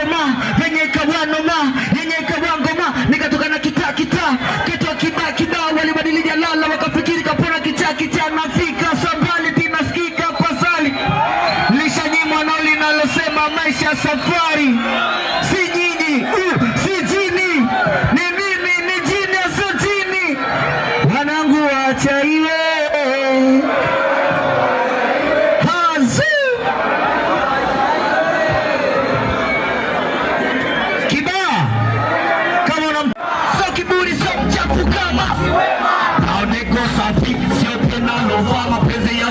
koma venye kabwa noma yenye kabwa ngoma nikatoka na kita kita kitoa kiba kiba walibadilisha lala wakafikiri kapona kicha kicha nafika sabali tinasikika pasali lisha nyimbo nao linalosema maisha safari si nyinyi uh, si jini ni mimi ni jini jini wanangu wacha iwe wema, taoneko safi, sio tena lovaa mapenzi ya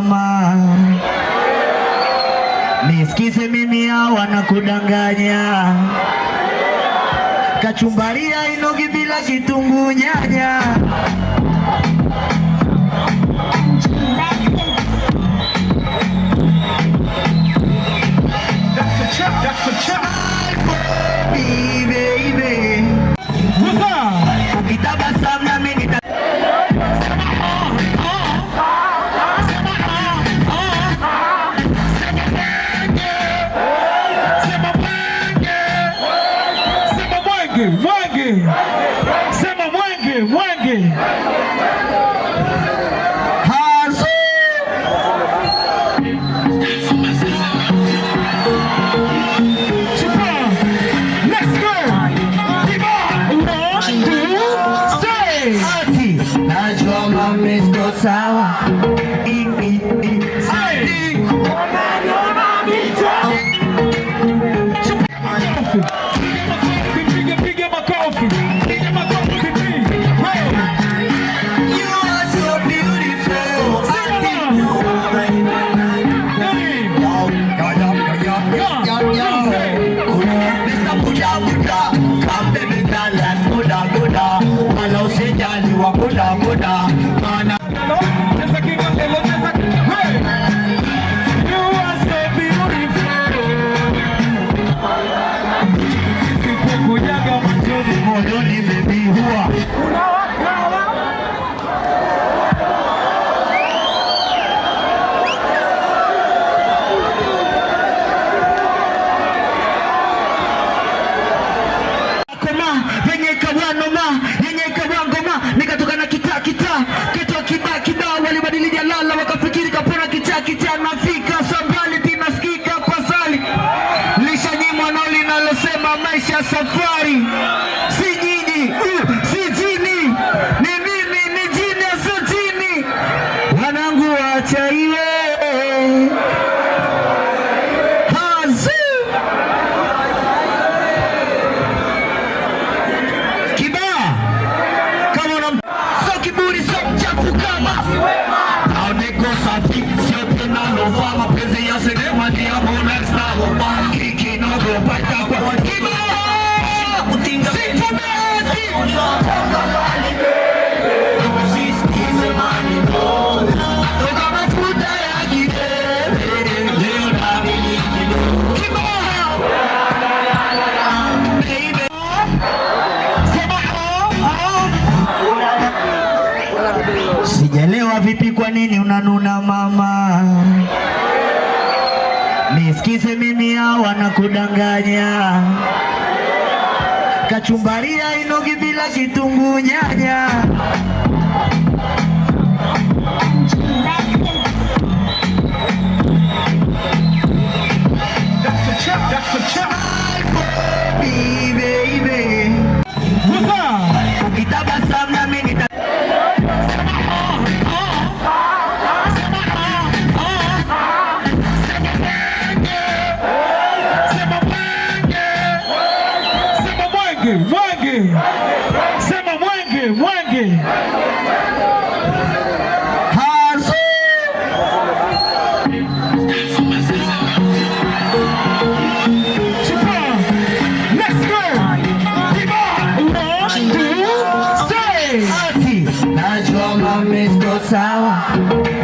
mama, nisikize mimi, hao kudanganya Kachumbaria inogi bila kitungu nyanya mwenge, sema mwenge, mwenge Sawa. yenye ikawa noma yenye ikawa ngoma, nikatoka na kitaa kitaa, katoa kibaa kibaa, walibadilisha lala, wakafikiri kapona kitaa kitaa, nafika sambali tinasikika kwa sali lishanyimwa nao linalosema maisha ya safari si jiji si jini ni mimi ni jini jini wanangu, wacha iwe manu na mama, nisikize mimi, hawa na kudanganya kachumbaria inogi bila kitungu nyanya nášho máme z kosala.